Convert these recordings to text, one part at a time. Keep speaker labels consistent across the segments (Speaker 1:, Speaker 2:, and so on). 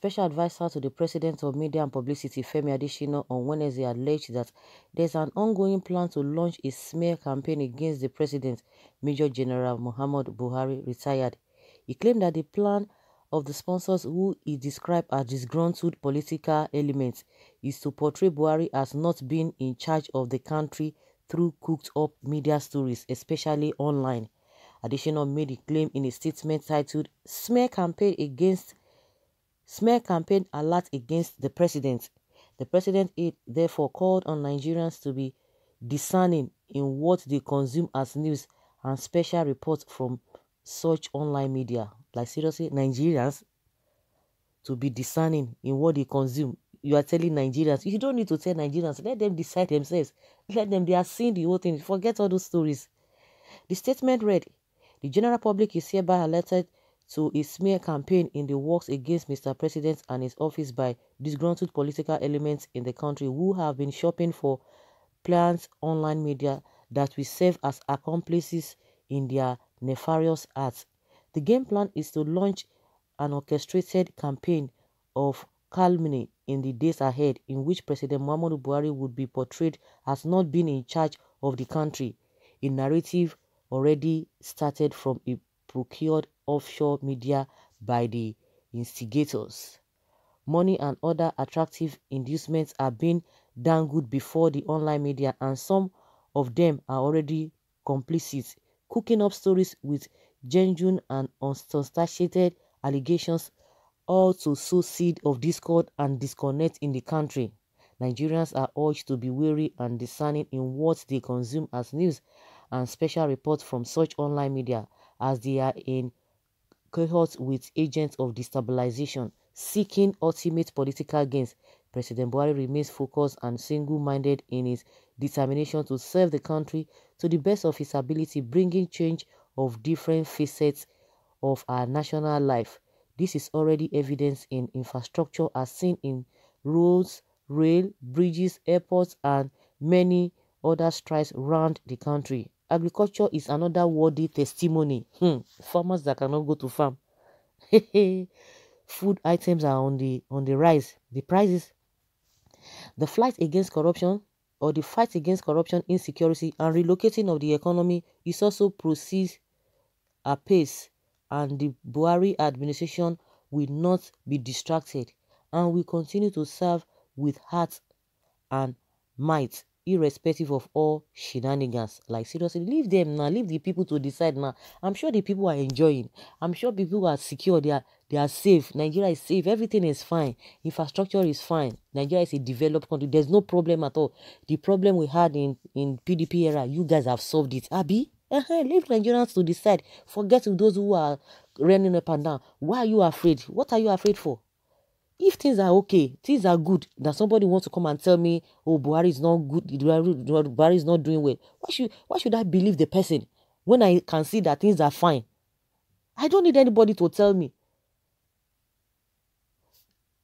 Speaker 1: special adviser to the President of Media and Publicity Femi Adesina on Wednesday alleged that there's an ongoing plan to launch a smear campaign against the President, Major General Muhammad Buhari, retired. He claimed that the plan of the sponsors who he described as disgruntled political elements is to portray Buhari as not being in charge of the country through cooked-up media stories, especially online. Additional made the claim in a statement titled Smear Campaign Against Smear campaign alert against the president. The president therefore called on Nigerians to be discerning in what they consume as news and special reports from such online media. Like seriously, Nigerians to be discerning in what they consume. You are telling Nigerians. You don't need to tell Nigerians. Let them decide themselves. Let them. They are seeing the whole thing. Forget all those stories. The statement read, the general public is hereby alerted to a smear campaign in the works against Mr. President and his office by disgruntled political elements in the country who have been shopping for plans online media that will serve as accomplices in their nefarious acts. The game plan is to launch an orchestrated campaign of calumny in the days ahead in which President Muhammadu Buhari would be portrayed as not being in charge of the country, a narrative already started from a procured offshore media by the instigators. Money and other attractive inducements are being dangled before the online media and some of them are already complicit, cooking up stories with genuine and unsubstantiated allegations all to sow seed of discord and disconnect in the country. Nigerians are urged to be wary and discerning in what they consume as news and special reports from such online media as they are in cohorts with agents of destabilization seeking ultimate political gains. President Buhari remains focused and single-minded in his determination to serve the country to the best of his ability, bringing change of different facets of our national life. This is already evidenced in infrastructure as seen in roads, rail, bridges, airports, and many other strides around the country. Agriculture is another worthy testimony. Hmm. Farmers that cannot go to farm. Food items are on the on the rise. The prices. The fight against corruption or the fight against corruption, insecurity, and relocating of the economy is also proceeds apace, and the Buhari administration will not be distracted and will continue to serve with heart and might irrespective of all shenanigans. Like seriously, leave them now. Leave the people to decide now. I'm sure the people are enjoying. I'm sure people are secure. They are they are safe. Nigeria is safe. Everything is fine. Infrastructure is fine. Nigeria is a developed country. There's no problem at all. The problem we had in in PDP era, you guys have solved it. Abi, uh -huh. leave Nigerians to decide. Forget those who are running up and down. Why are you afraid? What are you afraid for? if things are okay, things are good, that somebody wants to come and tell me, oh, Buhari is not good, Buhari is not doing well, why should, why should I believe the person when I can see that things are fine? I don't need anybody to tell me.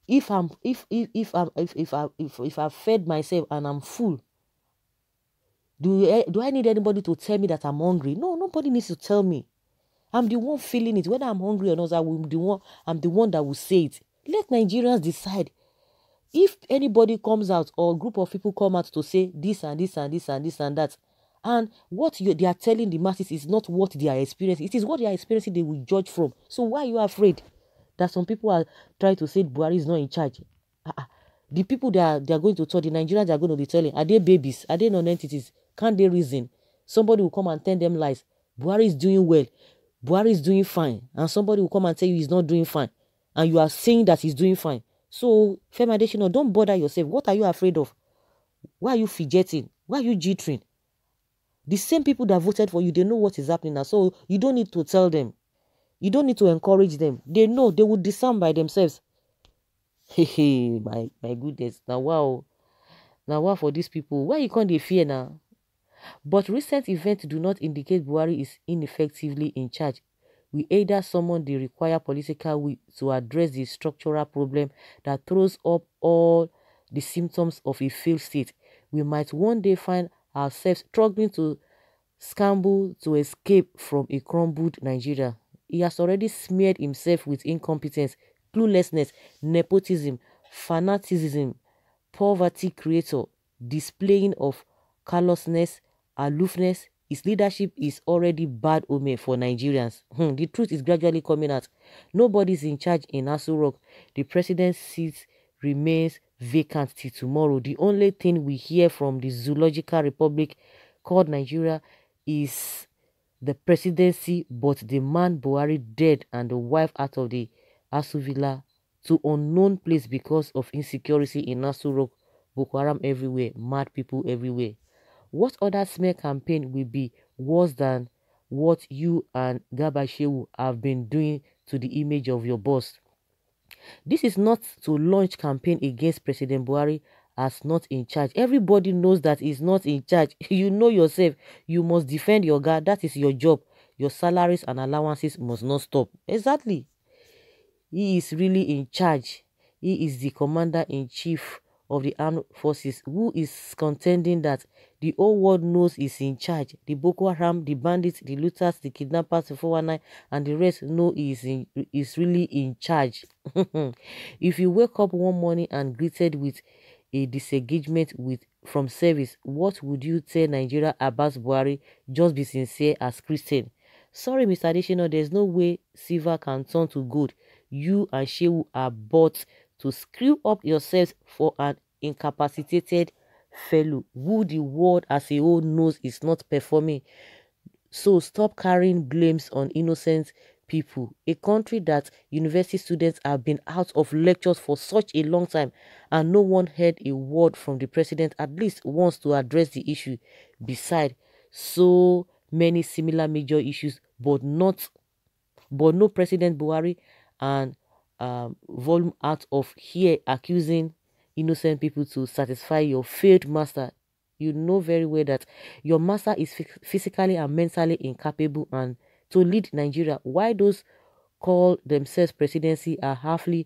Speaker 1: If I'm if if if I'm, if if I if, if I fed myself and I'm full, do I, do I need anybody to tell me that I'm hungry? No, nobody needs to tell me. I'm the one feeling it, whether I'm hungry or not. I'm the one. I'm the one that will say it. Let Nigerians decide. If anybody comes out or group of people come out to say this and this and this and this and that, and what you, they are telling the masses is not what they are experiencing. It is what they are experiencing they will judge from. So why are you afraid that some people are trying to say Buhari is not in charge? Uh, the people they are, they are going to tell, the Nigerians they are going to be telling, are they babies? Are they non-entities? Can't they reason? Somebody will come and tell them lies. Buhari is doing well. Buhari is doing fine. And somebody will come and tell you he's not doing fine and you are saying that he's doing fine. So, Femi Adesina, don't bother yourself. What are you afraid of? Why are you fidgeting? Why are you jittering? The same people that voted for you, they know what is happening now. So you don't need to tell them. You don't need to encourage them. They know they will discern by themselves. Hey, my, my goodness. Now, wow. Now, wow for these people. Why you can't they fear now? But recent events do not indicate Buhari is ineffectively in charge. We either summon the required political will to address the structural problem that throws up all the symptoms of a failed state, we might one day find ourselves struggling to scramble to escape from a crumbled Nigeria. He has already smeared himself with incompetence, cluelessness, nepotism, fanaticism, poverty creator, displaying of callousness, aloofness, his leadership is already bad omen for Nigerians. Hmm, the truth is gradually coming out. Nobody's in charge in Asu Rock. The president's seat remains vacant till tomorrow. The only thing we hear from the Zoological Republic called Nigeria is the presidency, but the man Buhari dead and the wife out of the Asu Villa to unknown place because of insecurity in Asu Rock, everywhere, mad people everywhere. What other smear campaign will be worse than what you and Gabashewu have been doing to the image of your boss? This is not to launch campaign against President Buhari as not in charge. Everybody knows that he's not in charge. you know yourself. You must defend your guard. That is your job. Your salaries and allowances must not stop. Exactly. He is really in charge. He is the commander in chief of the armed forces who is contending that the whole world knows is in charge. The Boko Haram, the bandits, the looters, the kidnappers, the 419, and the rest know he is, in, is really in charge. if you wake up one morning and greeted with a disengagement with from service, what would you tell Nigeria Abbas Buhari? Just be sincere as Christian. Sorry, Mr. Adishino, there's no way silver can turn to gold. You and Shehu are both to screw up yourselves for an incapacitated fellow who the world as a whole knows is not performing. So stop carrying blames on innocent people. A country that university students have been out of lectures for such a long time and no one heard a word from the president at least once to address the issue. Beside, so many similar major issues, but not but no President Buhari and um, volume out of here accusing innocent people to satisfy your failed master. You know very well that your master is physically and mentally incapable and to lead Nigeria. Why those call themselves presidency are halfly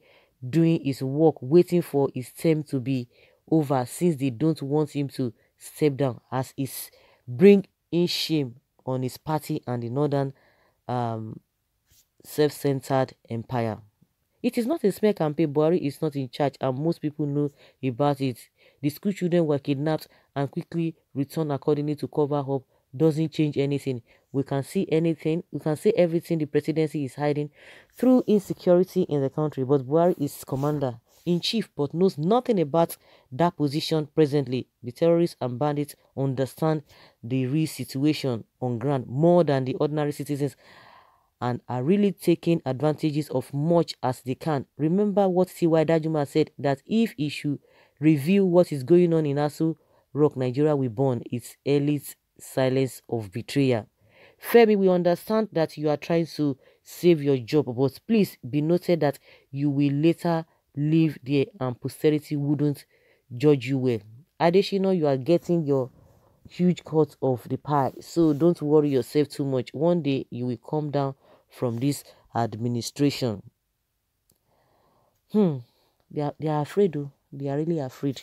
Speaker 1: doing his work, waiting for his term to be over since they don't want him to step down as is bring in shame on his party and the northern um, self-centered empire. It is not a smear campaign, Buhari is not in charge and most people know about it. The school children were kidnapped and quickly returned accordingly to cover up doesn't change anything. We can see anything, we can see everything the presidency is hiding through insecurity in the country. But Buhari is commander in chief but knows nothing about that position presently. The terrorists and bandits understand the real situation on ground more than the ordinary citizens and are really taking advantages of much as they can. Remember what CY Dajuma said that if you review what is going on in ASU, Rock Nigeria will burn its elite silence of betrayal. Femi, we understand that you are trying to save your job, but please be noted that you will later leave there and posterity wouldn't judge you well. Additionally, you are getting your huge cut of the pie, so don't worry yourself too much. One day you will come down from this administration. Hmm, they are, they are afraid, though. They are really afraid.